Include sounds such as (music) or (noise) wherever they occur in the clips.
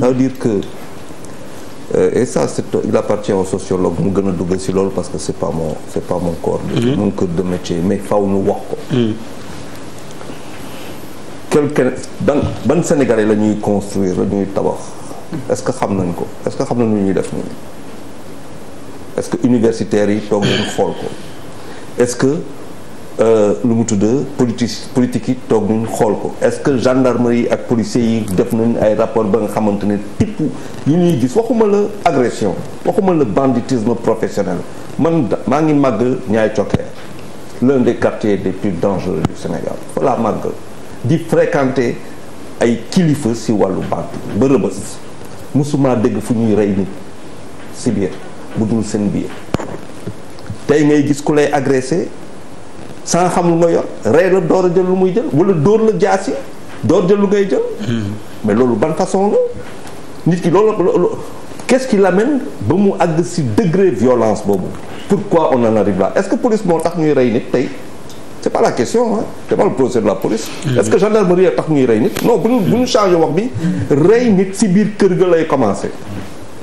ça veut dire que euh, et ça c'est il appartient aux sociologues mu gën a dugg si loolu parce que c'est pas mon c'est pas mon corps mm-hmm. mon corps de métier mais faw ñu wax ko mm-hmm. quelqu'un dan ban Sénégalais la ñuy construire la ñuy tabax est-ce que xam nañ ko est-ce que xam nañ lu ñuy def nii est-ce que universitaires yi toog leen xool ko est-ce que Euh, lu mu tudd politique politique yi toog nañ xool ko est-ce que yi ak policiers yi def nañ ay rapport ba nga xamante ne tipp yi ñuy gis waxuma la agression waxuma la banditisme professionnel man maa ngi màgg ñaay cokkeer l'un des quartiers les plus dangereux du Sénégal voilà màgg di fréquenter ay kilifa si wàllu bant ba rëbës musuma dégg fu ñuy rey nit si biir bu dul seen biir tey ngay gis ku lay agressé sa nga xam lu nga yor rey la door a jël lu muy jël wala dóor la jaasi door jël lu ngay jël. Hmm. mais loolu ban façon la nit ki loolu loolu qu'est-ce qui l'amène ba mu àgg si degré violence boobu pourquoi on en arrive là est-ce que police moo tax ñuy rey nit tey c'est pas la question hein c'est pas le procès de la police. Hmm. est-ce que gendarmerie tax ñuy rey nit. non bu ñu bu ñu changé wax bi. rey nit si biir kër ga lay commencer.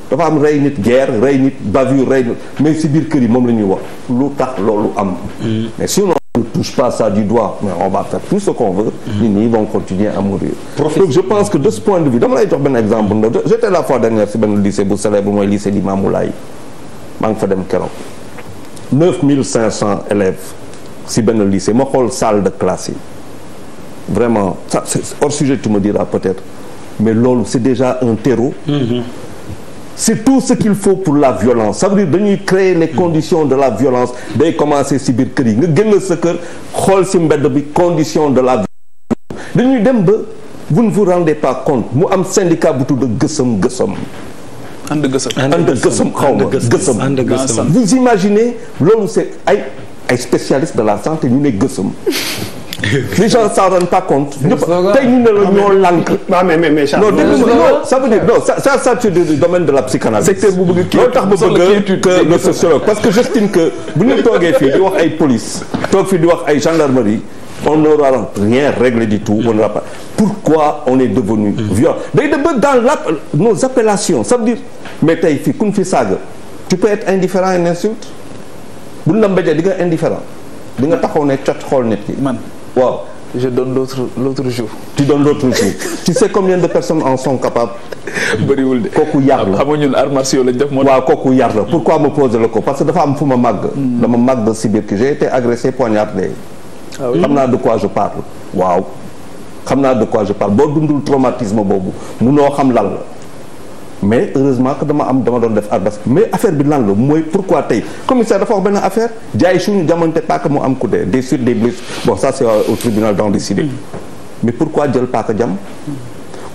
dafa am rey nit guerre rey nit bavure rey nit mais si biir kër yi moom la ñuy wax lu tax loolu am. Hmm. mais sinon ne touche pas du doigt mais on va faire tout ce qu'on veut nit ñi vont continuer à mourir je pense que de ce point de vue dama lay jox benn exemple ndaw j'étais la fois dernière si benn lycée lycée di Mamoulaye maa ngi fa dem keroog 9500 élèves si benn lycée ma xool salle de classe vraiment ça c'est hors sujet tu me diras peut-être mais loolu c'est déjà un terreau mm-hmm. c'est tout ce qu'il faut pour la violence ça veut dire dañuy créer les conditions de la violence day commencé si biir kër yi nga génn sa kër xool si mbedd bi condition de la violence dañuy dem ba vous ne vous rendez pas compte mu am syndicat bu tudd gësëm gësëm ànd gësëm ànd gësëm xaw ma gësëm vous imaginez loolu c'est ay ay spécialiste de la santé ñu ne gësëm les gens s'en rendent pas compte. tey ñu ne la ah, ñoo lànk. Ah, non mais mais non de la psychanalyse. secteur bu que le sociologue parce que j'estime que bu ñu toogee fii wax ay police toog fii di wax ay gendarmerie. on n'aura rien réglé du tout on n'aura pas pourquoi on est devenu violent day dem ba dans la nos appellations ça veut dire mais tey fii ku ñu fi saaga tu peux être indifférent à une insulte buñ la mbéjee nga indifférent di nga taxaw xool nit ki waaw je donne l'autre l'autre jour. tu donnes l'autre jour (laughs) tu sais combien de personnes en sont capables. (laughs) bëriwul de kooku yar la xam ñun arts martiaux def moo. waaw kooku yar la pourquoi ma mm. posé la ko parce que dafa am fu ma màgg. Mm. dama màgg si biir ki j'ai été agressé poignardé. ah oui xam naa de quoi je parle. waaw xam naa de quoi je parle boo dundul traumatisme boobu munoo xam lan mais heureusement que dama am dama doon def arbas mais affaire bi lan la mooy pourquoi tey commissaire dafa wax benn affaire jaay suñu jamante paaka mu am ku dee des suites des blessures bon ça c'est euh, au tribunal d'en décider mm. mais pourquoi jël paaka jam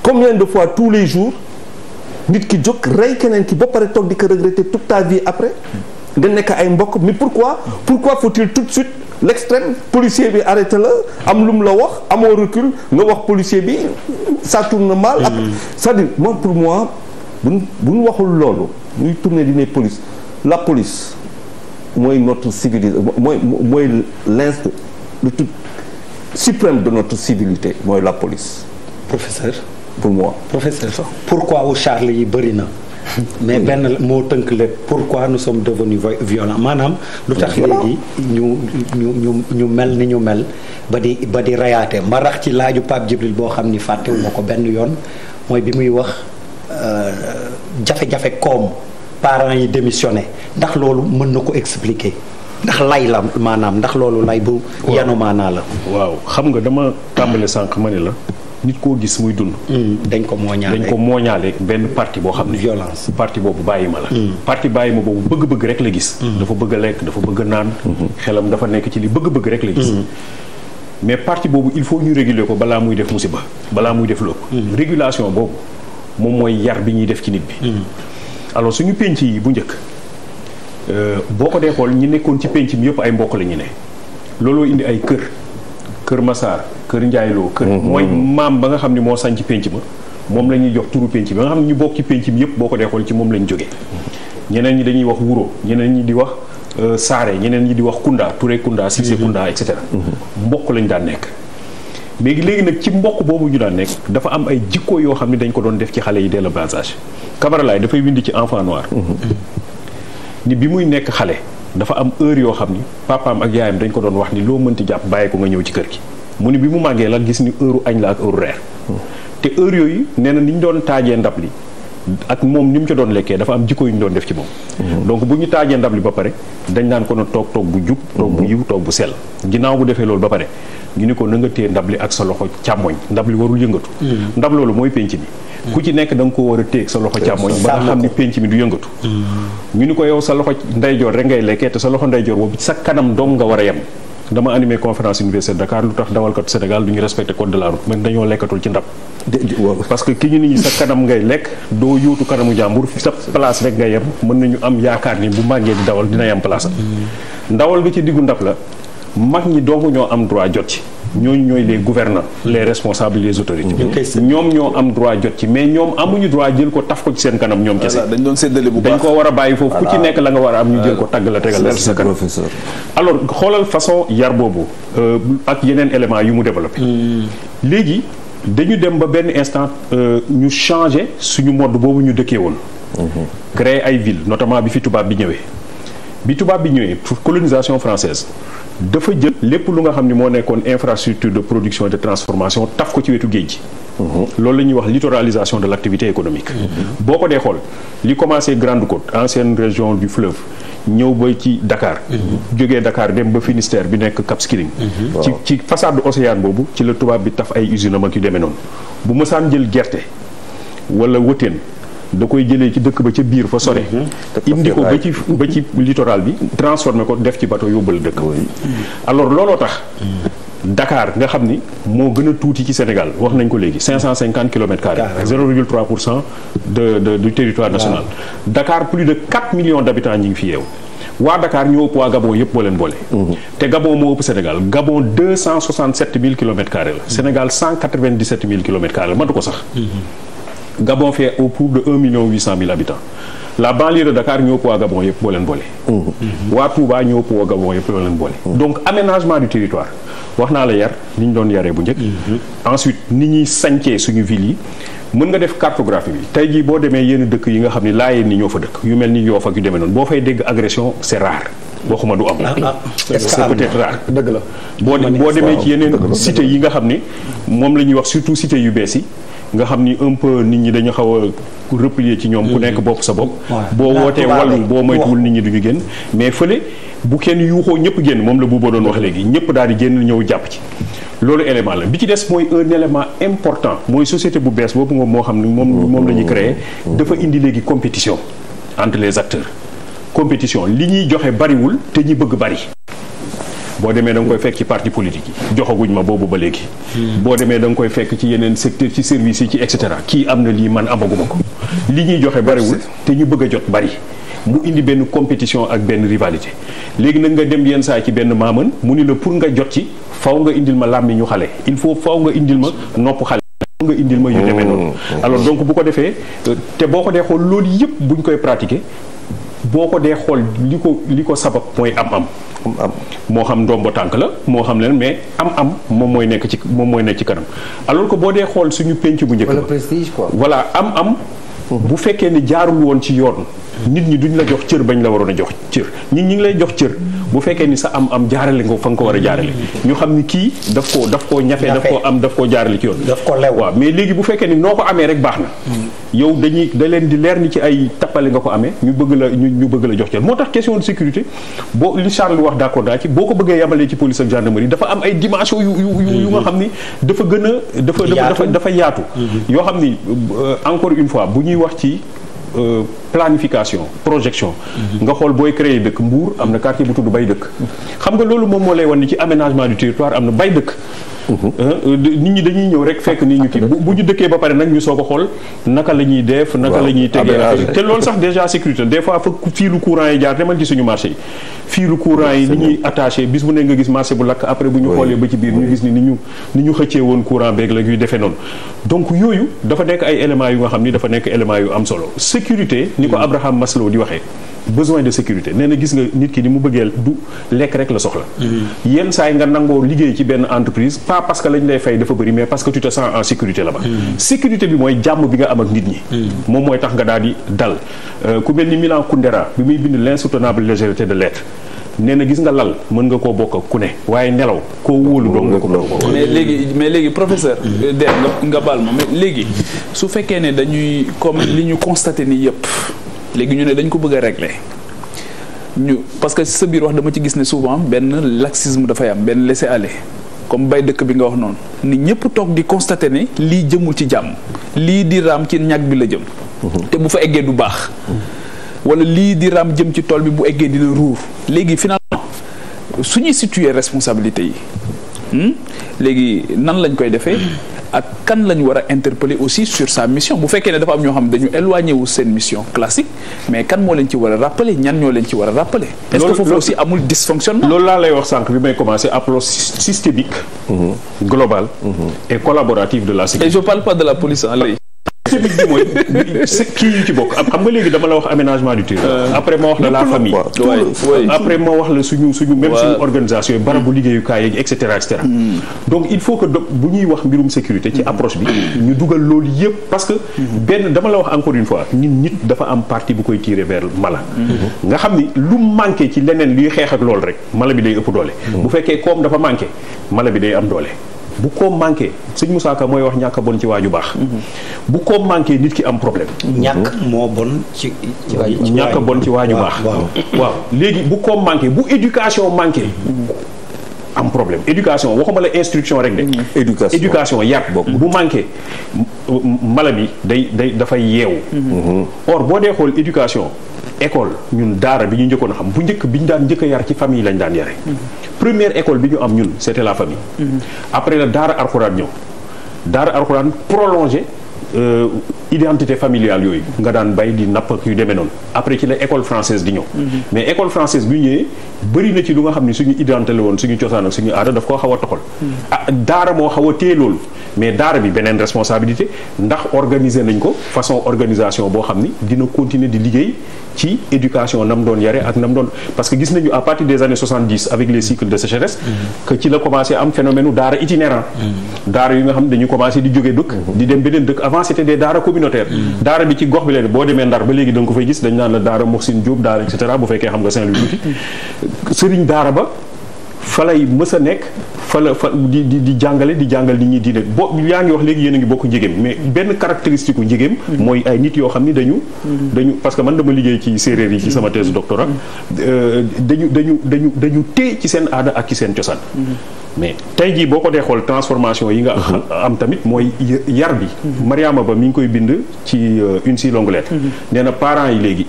combien de fois tous les jours nit ki jóg rey keneen ki ba pare toog di ko regretter toute ta vie après nga nekk ay mbokk mais pourquoi pourquoi faut-il tout de suite l'extrême policier bi arrêté la am lu mu la wax amoo recul nga wax policier bi ça tourne mal. Mm. c'est-à-dire moi pour bu buñ waxul loolu muy tourner di ne police la police mooy notre civilisation mooy mooy lu le tout de notre civilité mooy la police. professeur. pour moi professeur. pourquoi wu Charlie yi bëri na. mais benn moo tënk lépp pourquoi nous sommes devenus violents maanaam lu tax léegi ñu ñu ñu ñu mel ni ñu mel ba di ba di rayaate mbarax ci laaju Pape Djibril boo xam ni fàttewu ko benn yoon mooy bi muy wax Euh, jafe-jafe koom parents yi démissionné ndax loolu mën na ko expliquer ndax lay la maanaam ndax loolu lay bu. yanu maanaa la. waaw xam nga dama tàmbale sànq ma ne la. nit koo gis muy dund. Hmm, dañ ko mooñaale dañ ko mooñaale benn parti boo xam ne. violence parti boobu bàyyi ma la. Hmm. parti bàyyi ma boobu bëgg-bëgg rek la gis. Hmm. dafa bëgg lekk dafa bëgg a naan. xelam dafa nekk ci li bëgg-bëgg rek la gis. mais parti boobu il faut ñu réguler ko balaa muy def musiba balaa muy def lépp. régulation boobu. moom mooy yar bi ñuy def ci nit bi. Hmm. alors suñu penc yi bu njëkk euh, boo ko dee xool ñi nekkoon ci penc mi yëpp ay mbokk lañu ne looloo indi ay kër kër Masaar kër Njaayloo kër hmm, hmm, mooy maam ba nga xam ne moo sañ ci penc ma moom la ñuy jox turu penc bi nga xam ne ñu bokk ci penc mi boo ko dee xool ci moom lañu joge ñeneen ñi dañuy wax wuro ñeneen ñi di wax euh, saare ñeneen ñi di wax kunda Touré kunda Cissé kunda et cetera mbokk lañu daan nekk mais léegi nag ci mboq boobu ñu daan nekk dafa am ay jikko yoo xam ne dañ ko doon def ci xale yi dès le bas âge dafay bind ci enfant noir ni bi muy nekk xale dafa am heure yoo xam ni papaam ak yaayam dañ ko doon wax ni loo mënti jàpp bàyyi ko nga ñëw ci kër gi mu ni bi mu màggee la gis ni heure añ la ak heure reer te heure yooyu nee na ni ñu doon taajee ndab li ak moom ni mu ca doon lekkee dafa am jikko yu ñu doon def ci moom donc bu ñu taajee ndab li ba pare dañ naan ko toog toog bu jub toog bu yiw toog bu sell ginnaaw bu defee loolu ba pare ñu ni ko na nga téye ndab li ak sa loxo càmmoñ ndab li warul yëngatu mm. ndab loolu mooy penc bi mm. ku ci nekk danga ko war a téye sa loxo càmmoñ ba nga xam ni penc mi du yëngatu mm. ñu ni ko yow sa loxo ndeyjoor rek ngay lekkee te sa loxo ndeyjoor boobu sa kanam dong nga war a yem dama animé conférence université de Dakar lu tax dawalkatu Sénégal du ñu respecté code de la route même dañoo lekkatul ci ndab parce que ki ñu ni sa kanam ngay lekk doo yuutu kanamu jàmbur sa place rek ngay yem mën nañu am yaakaar ni bu màggee di dawal dina yem place ndawal bi ci diggu ndab la mag ñi dong ñoo am droit jot ci ñooñu ñooy les gouvernants les responsables les autorités. ñoom ñoo am droit jot ci mais ñoom amuñu droit jël ko taf ko ci seen kanam ñoom kese. dañ doon séddale bu baax dañ ko war a bàyyi foofu ku ci ah. nekk la nga war a am ñu jël ko ah. tagg la tegal la sa kanam professeur. alors xoolal façon yar boobu euh, ak yeneen éléments yu mu développé. Hmm. léegi dañu dem ba benn instant euh, ñu changé suñu mode boobu ñu dëkkee woon. Hmm. créer ay ville notamment bi fi tubaab bi ñëwee. bi tubaab bi ñëwee colonisation française dafa jël lépp lu nga xam ni moo nekkoon infrastructure de production et de transformation taf ko ci wetu géej gi. Mhm. loolu la ñuy wax littoralisation de l' activité économique. Mhm. boo ko dee xool li commencé Grande Côte ancienne région du fleuve. ñëw ba ci dakaar mhm. jógee Dakar dem ba Finistère bi nekk Cap Skirring. ci ci façade océan boobu ci la tubaab bi taf ay usine am ak yu demee noonu. bu mosaan jël gerte wala wëteen da koy jëlee ci dëkk ba ca biir fa sore mhm. indi ko ba ci ba ci littoral bi transformé ko def ci bateau yóbbal dëkk alors looloo tax mhm. Dakar nga xam ni moo gën a tuuti ci Sénégal wax nañ ko léegi 550 kilomètres carrés 0,3 pour cent de de du territoire national Dakar plus de 4 millions d'habitants ñi ngi fi yeew waa Dakar ñoo ëpp waa Gabon yëpp boo leen boole. Mhm. te Gabon moo ëpp Sénégal Gabon 267 000 kilomètres carrés la Sénégal 197 000 la matu ko sax Gabon fait autour de 1 million 800 000 habitants la banlieue de Dakar ñoo ko waa Gabon yëpp boo leen boole. Mhm. waa Touba ñoo ko waa Gabon yëpp boo boole. Mhm. donc aménagement du territoire wax naa la yar ni ñu doon yaree bu njëkk. Mhm. ensuite ni ñuy sancee suñu ville yi mën nga def cartographie bi tey jii boo demee yenn dëkk yi nga xam ne laayeen ni ñoo fa dëkk yu mel ni Yoff ak yu demee noonu boo fay dégg agression c'est rare. waxuma du am. Ah, ah. est-ce que peut dëgg la. boo boo demee ci yeneen yi nga xam ne moom la ñuy wax surtout cité yu bees yi. nga xam ni un nit ñi dañu xaw a replier ci ñoom ku nekk bopp sa bopp boo wootee wàllu boo moytuwul nit ñi duñu génn mais fële bu kenn yuuxoo ñëpp génn moom la buuba doon wax léegi ñëpp daal di génn ñëw jàpp ci loolu élément la bi ci des mooy un élément important mooy société bu bees boobu nga moo xam ni moom moom la ñu créé dafa indi léegi compétition entre les acteurs compétition li ñuy joxe bariwul te ñi bëgg bari boo demee danga koy fekk ci parti politique yi joxaguñ ma boobu ba léegi. boo demee danga koy fekk ci yeneen secteur ci service yi ci et cetera kii am na lii man amaguma ko. li ñuy joxe bariwul te ñu bëgg a jot bari. mu indi benn compétition ak benn rivalité léegi nag nga dem yenn saa ci benn maaman mu ni la pour nga jot ci faw nga indil ma ñu xale il faut faw nga indil ma nopp xale nga indil ma yu demee noonu mm, mm, mm. alors donc bu ko defee te boo ko dee xool loolu yëpp buñ koy pratiquer boo ko dee xool li ko li ko sabab mooy am-am. am moo xam ndombo tànk la moo xam leen mais am-am moom mooy nekk ci moom mooy nekk ci kanam alors que boo dee xool suñu penc bu njëkk. wala prestige quoi voilà am-am. bu fekkee ni jaarul woon ci yoon. nit ñi duñ la jox cër bañ la waroon a jox cër nit ñi ngi lay jox cër. bu fekkee ni sa am am jaarale nga fa nga ko war a jaarale. ñu xam ni kii daf koo daf koo ñafe. daf koo am daf koo jaarale ci yoon. daf ko lew waaw mais léegi bu fekkee ni noo ko amee rek baax na. yow dañuy da leen di leer ni ci ay tappale nga ko amee ñu bëgg la ñu bëgg la jox cër moo tax question de sécurité boo li Charles wax d'accord daa ci boo ko bëggee yamalee ci police ak gendarmerie dafa am ay dimension yu yu yu nga xam ni dafa gën dafa dafa dafa yaatu mm-hmm. yoo xam ni euh, encore une fois bu ñuy wax ci euh, planification projection mm-hmm. nga xool booy créer dëkk Mbour am na quartier bu tudd bay dëkk xam nga loolu moom moo lay wan ni ci aménagement du territoire am na bay dëkk nit ñi dañuy ñëw rek fekk nii ñu kii bu ñu dëkkee ba pare nag ñu soog a xool naka la ñuy def naka la ñuy tegee te loolu sax déjà sécurité des fois fa fii yi jaar demal ci suñu marché yi fii lu courant yi bis bu ne nga gis marché bu lakk après bu ñu xoolee ba ci biir gis ni ni ñu ni ñu xëccee woon beeg la defee noonu donc yooyu dafa nekk ay éléments yu nga xam ni dafa nekk éléments yu am solo sécurité ni ko mm. Abraham Maslow di waxee besoin de sécurité nee na gis nga nit ki ni mu bëggee du lekk rek la soxla. yenn saa nga nangoo liggéey ci benn entreprise pas parce que lañ lay fay dafa bëri mais parce que tu te sens en sécurité là-bas. Mm. sécurité bi mooy jàmm bi nga am ak nit ñi. Mm. moom mooy tax nga daal di dal euh, ku mel ni Milan Kundera bi muy bind l'insoutenable légèreté de l'être nee na gis nga lal mën nga ko bokk ak ku ne waaye nelaw koo wóolu doom nga ko bokk mais léegi mais léegi professeur mm. euh, der nga baal ma léegi su fekkee ne dañuy comme li ñu constaté ni yëpp léegi ñu ne dañ ko bëgg a ñu parce que sa biir wax dama ci gis ne souvent benn laxisme dafay am benn laisser aller comme bay dëkk bi nga wax noonu nit ñëpp toog di constater ne lii jëmul ci jàmm lii di raam ci ñag bi la jëm. Mhm. te bu fa eggee du baax. Mhm. wala lii di raam jëm ci tool bi bu eggee dina ruur léegi finalement su ñuy situer responsabilité yi hmm? léegi nan lañ koy defee. ak kan la ñu war a interpeller aussi sur sa mission bu fekkee ne dafa am ñoo xam dañu éloigné wu seen mission classique mais kan moo leen ci war a rappeler ñan ñoo leen ci war a rappeler. est que foofu amul dysfonctionnement. loolu laa lay wax sànq bi commencer approche systémique. Mhm. globale. Mhm. et collaborative de la sécurité. je parle pas de la police en lay. bi mooy secteur yu ci bokk xam nga léegi dama la wax aménagement du territoire euh, après ma wax la la famille après ma wax la suñu suñu même suñu organisation yi barabu mm. liggéeyukaay yeeg et cetera et cetera mm. donc il faut que bu ñuy wax mbirum sécurité ci mm. approche bi ñu dugal loolu yëpp parce que benn dama la wax encore une fois nit nit dafa am parti bu koy tirer vers mala nga xam ni lu manqué ci leneen luy xeex ak loolu rek mala bi day ëpp doole bu fekkee koom dafa manqué mala bi day am doole bu ko manqué suñ Moussa Ka mooy wax ñàkk bon ci waaju baax. bu ko manqué nit ki am problème. ñàkk moo bon ci ci waaju baax bon ci waaju baax. waaw léegi bu ko manqué bu éducation manqué. am problème éducation waxuma la instruction rek de. Mm-hmm. éducation éducation yar boobu bu manqué mala bi day day dafay yeewu. Mm-hmm. or boo dee xool éducation école ñun daara bi ñu njëkkoon xam bu njëkk bi ñu daan njëkk yar ci famille lañ daan yare mm-hmm. première école bi ñu am ñun c'était la famille. Mm-hmm. après la daara alxuraan ñëw daara alxuraan prolongé euh, identité familiale yooyu. nga daan bay di napp ak yu demee noonu. après ci la école française di ñëw. Mm-hmm. mais école française bi ñëwee bëri na ci lu nga xam ne suñu identité woon suñu cosaan ak suñu aada daf koo xaw a toxal. Mm-hmm. ah daara moo xaw a téye loolu. mais daara bi beneen responsabilité ndax organiser nañ ko façon organisation boo xam ni dina continuer di liggéey. ci éducation nam doon yare ak nam doon parce que gis nañu à partir des années 70 avec les cycles de sécheresse que ci la commencé am phénomène u daara itinérant daara yu nga xam dañu commencé di jógee dëkk di dem beneen dëkk avant c'était des daara communautaires daara bi ci gox bi leen boo demee Ndar ba léegi da nga ko fay gis dañ naan la daara Moxsin Diop daara et bu fekkee xam nga Saint-Louis tuuti sëriñ daara ba fa lay mës a nekk fala la fa di di di jàngale di jàngal nit ñi diine boo yaa ngi wax léegi yéen ngi bokk njigéem mais benn caractéristique u njigéem mooy ay nit yoo xam ni dañu dañu parce que man dama liggéey ci séeréer yi ci sama thèse doctorat euh, dañu dañu dañu dañu tee ci seen aada ak ci seen cosaan mais tey jii boo ko dee xool transformation yi nga am tamit mooy yar bi Mariama Ba mi ngi koy bind ci euh, une si longue lettre mm-hmm. nee na parents yi léegi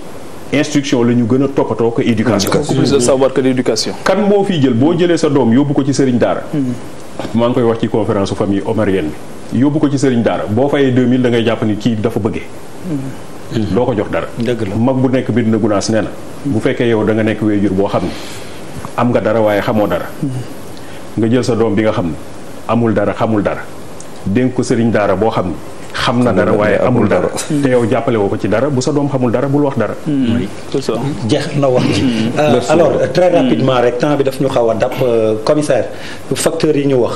instruction la ñu gën a toppatoo ko éducation. beaucoup plus de savoir que l'éducation. kan moo fiy jël boo jëlee sa doom yóbbu ko ci sëriñ daara. Hmm. maa ngi koy wax ci conférence su famille omarienne bi yóbbu ko ci sëriñ daara boo fayee 2000 da ngay jàpp ni kii dafa bëggee. Hmm. doo ko jox dara. dëgg la mag bu nekk biir na gunaas nee na. Hmm. bu fekkee yow da nga nekk wéyjur boo xam ne am nga dara waaye xamoo dara. nga jël sa doom bi nga xam ne amul dara xamul dara dénk ko sëriñ daara boo xam ne. xam na dara waaye amul dara te yow jàppale ko ci dara bu sa doom xamul dara bul wax dara. Mm. jeex na wax mm. euh, ci alors très mm. rapidement rek temps bi daf ñu xaw a dab euh, commissaire facteurs yi ñu wax.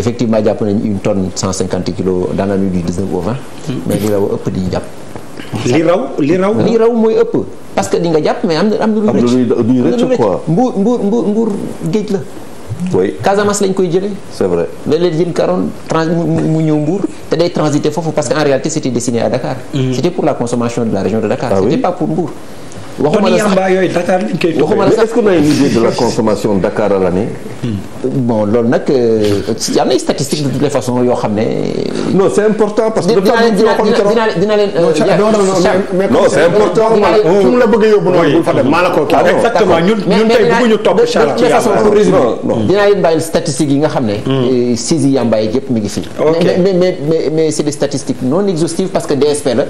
effectivement jàpp nañ une tonne cent cinquante kilos dans la nuit du 19 au 20. mais li raw ëpp di jàpp. li raw li raw. mooy ëpp parce que di nga jàpp mais am na am na lu rëcc am na géej la. oui Casamance lañ koy jëlee. c'est vrai léeg-léeg jën karoon trans mu ñëw Mbour. te day transiter foofu parce que en réalité c'était destiné à Dakar. Mm-hmm. c'était pour la consommation de la région de Dakar. Ah c'était pas pour Mbour. waxuma la sax mbaa yooyu Dakar lañ koy waxuma la sax est-ce qu'on a une idée de la consommation Dakar à l'année bon loolu nag y a des statistiques de toutes les façons yoo xam ne. non c'est important parce que. dina dina leen non non c'est important fu mu la bëgg a yóbbu noonu. maa la ko kii exactement ñun ñun tey bëgguñu topp ci façon pour résumer dinaa leen bàyyil statistiques yi nga xam ne. siis yi yàmbaay yëpp mi ngi fii. mais mais mais mais c'est des statistiques non exhaustives parce que DSP la.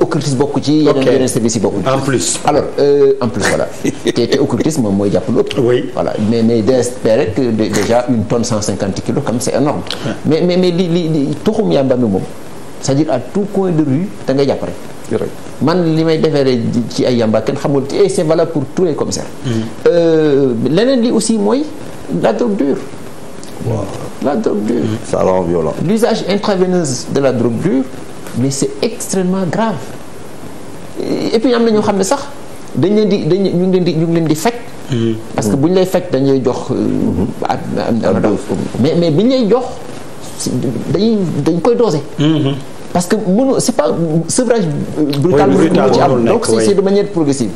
occultisme bokku ci yeneen yeneen services yi bokku ci. en plus. alors euh, en plus mooy jàpp lu ëpp voilà mais mais d'espérer euh, kilos comme c'est énorme mais mais mais li li li tuxum yàmba moom tout coin da ngay jàpp man li may defeere ci ay yàmba kenn xamul et eh, c'est valable pour tous les commissaires mm-hmm. euh, leneen li aussi mooy la drogue dure waaw la drogue dure mm-hmm. ça l'usage intraveineuse de la drogue dure mais c'est extrêmement grave et puis am na ñoo xam ne sax dañ leen di dañ ñu ngi leen di ñu ngi leen di faj. Hmm. parce que bu ñu lay faj dañuy jox. Hmm. ab ab mais mais bi ñu lay jox dañuy dañ koy doser. Hmm. parce que mënu c'est pas sevrage brutal mënu ci am donc c'est de manière progressive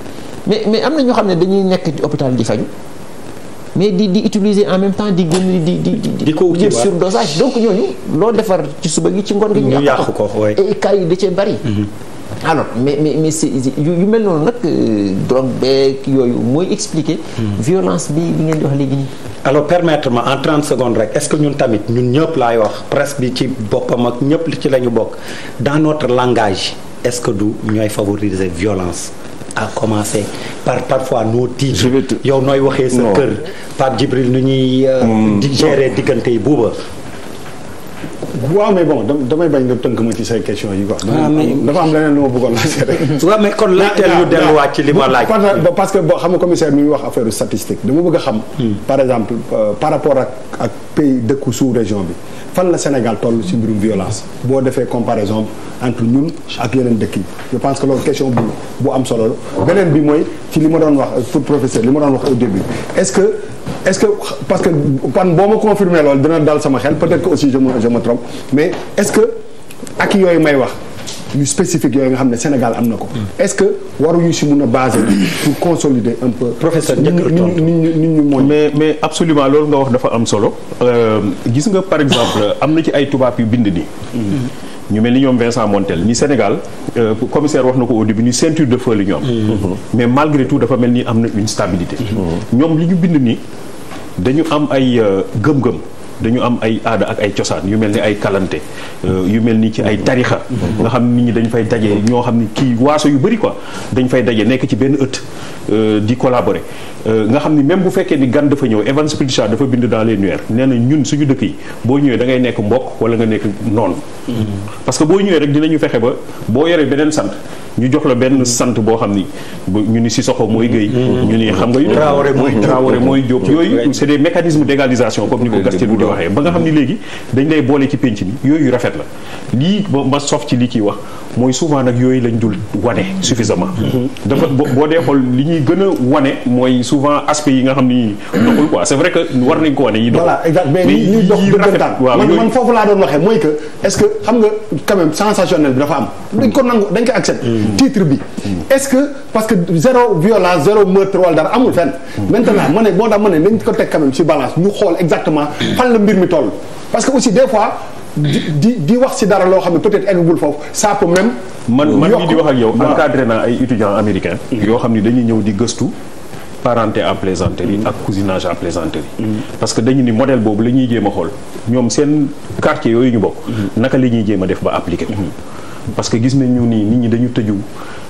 mais mais am na ñoo xam ne dañuy nekk ci hôpital di faju mais di di utiliser en même temps di gën di di di ko jël surdosage donc ñooñu loo defar ci suba gi ci ngoon gi ñu yàq ko et cas yi da cee bari alors mais mais mais c'est yu mel noonu nag euh, drogue beeg yooyu mooy expliquer hmm. violence bi bi ngeen di wax léegi nii. alors permettre ma en 30 secondes rek est-ce que ñun tamit ñun ñëpp laay wax presse bi ci boppam ak ñëpp li ci la ñu bokk dans notre langage est-ce que du ñooy favoriser violence. à commencer par parfois nos titres yow nooy waxee sa kër Pape Djibril nu ñuy euh, hmm. digérer diggante yi buuba boo mais bon damay bañ nga tënk ma ci say question yi quoi. Ah, dafa am leneen lu ma bëggoon laajte rek. waaw (laughs) mais kon laajteel ñu delluwaat ci li laaj. parce que boo xam commissaire mi ngi wax affaire statistique dama bëgg a xam. Hmm. par exemple euh, par rapport ak pays dëkku sous région bi fan la Sénégal toll si mbirum violence boo defee comparaison entre ñun ak yeneen dëkk yi je pense que loolu question bu am solo la. beneen bi mooy ci li ma doon wax pour professeur li ma doon wax au début est-ce que parce que pan boo ma confirmé loolu dina daal sama xel peut-être que aussi je me je me mais est-ce que ak yooyu may wax yu spécifique yooyu nga xam ne Sénégal am na ko. est-ce que waruñu si mun a baser pour consolider un peu. professeur njëkk ñu ñu ñu mooy. mais mais absolument loolu nga wax dafa am solo. Euh, gis nga par exemple am na ci ay tubaab yu bind nii. ñu mel ni ñoom Vincent Montel ni Sénégal euh, commissaire wax na ko au début ni ceinture de feu li mm-hmm. mais malgré tout dafa mel ni am na une stabilité mm-hmm. ñoom li ñu bind nii dañu am ay euh, gëm-gëm dañu am ay aada ak ay cosaan yu mel ni ay kalante euh, yu mel ni ci ay tarixa nga xam nit ñi dañ fay daje ñoo xam ni kii waaso yu bëri quoi dañ fay daje nekk ci benn ëtt euh, di collaborer euh, nga xam ni même bu fekkee ni gan dafa ñëw Evans Pritchard dafa bind dans les Nuer nee ñun suñu dëkk yi boo ñëwee da ngay nekk mbokk wala nga nekk noonu parce que boo ñëwee rek dinañu fexe ba boo yoree beneen sant ñu jox la benn sant boo xam ni ñu ni Sissoko mooy Guèye ñu ni xam nga waxee ba nga xam ni léegi dañ lay boole ci pénc mi yooyu rafet la lii ma sof ci li ciy wax mooy souvent nag yooyu lañ dul wane suffisamment. dafa boo dee xool li ñuy gën wane mooy souvent aspect yi nga xam ni. doxul quoi c'est vrai que war nañ ko wane yi doxul. voilà exact mais li dox bi dafa am. dañ ko nangu dañ ko accepté. Mm. titre bi est-ce parce que zéro violence zéro meurtre wala dara amul fenn. Mm. maintenant ma ne moo tax ma ne ko teg quand même ci balance ñu xool exactement fan la mbir mi toll parce que aussi des fois. di di wax si dara loo xam ne peut-être eggagul foofu ça peut même. man mii di wax ak yow ah. encadré naa ay étudiants américain yoo xam ne dañuy ñëw di gëstu. parenté à plaisanterie mm. ak cousinage à plaisanterie mm. parce que dañu ni modèle boobu la ñuy jéem xool ñoom seen quartier yooyu ñu bokk mm. naka la ñuy jéem a def ba appliquer parce que gis nañu ni nit ñi dañu tëju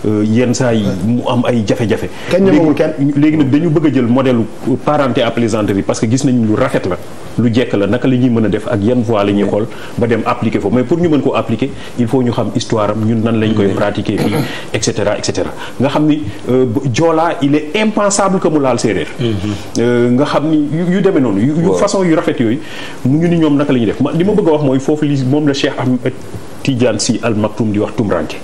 euh, yenn saa yi mu am ay jafe-jafe kenn ñemewul kenn léegi nag dañu bëgg jël modèle parenté à plaisanterie parce que gis nañu lu rafet la lu jekk la naka la ñuy mën a def ak yan voie la ñuy xool ba dem appliquer foofu mais pour ñu mën ko appliquer il faut ñu xam histoire am ñun nan lañ koy pratiquer fii et cetera et cetera nga xam ni euh, joolaa il est impensable que mu laal séeréer. Mm-hmm. Euh, nga xam ni yu demee noonu. yu façon yu rafet yooyu mu ñu ni ñoom naka la ñuy def li ma bëgg a wax mooy foofu li moom la Cheikh am Tidiane si Al Maktoum di wax Tumranke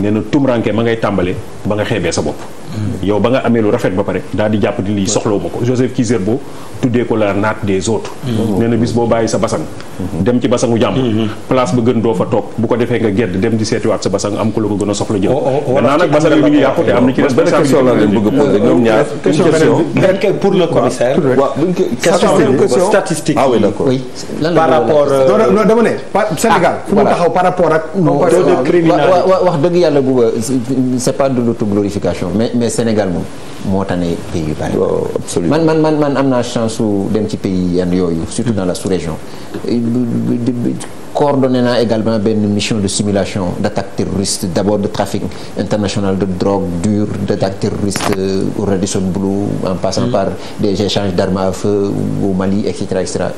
nee na Tumranke ma ngay tàmbale ba nga xeebee sa bopp. yow ba nga amee lu rafet ba pare daal di jàpp di lii soxlawu ma ko Joseph Kizerbo tuddee ko la naat des autres mm-hmm. nee bis boo bàyyi sa basang mm-hmm. dem ci basangu jàmm mm-hmm. place ba gën doo fa toog bu ko defee nga gedd dem di seetiwaat sa basang am ko la ko gën a soxla jël gannaaw oh, oh, oh, nag basang mi ngi yàqu te am na ci responsabilité la leen bëgg poser ñoom ñaar question pour le commissaire question wax dëgg yàlla buba c'est pas de l'autoglorification mais mais Sénégal moo moo ne pays yu bari. man man man man am naa chance su dem ci pays yan yooyu. surtout dans la sous-région. coordonné naa également benn mission de simulation d'attaque terroriste d'abord de trafic international de drogue dure d'attaque terroriste au euh, Radisson Blu en passant mm. par des échanges d'armes à feu au Mali et cetera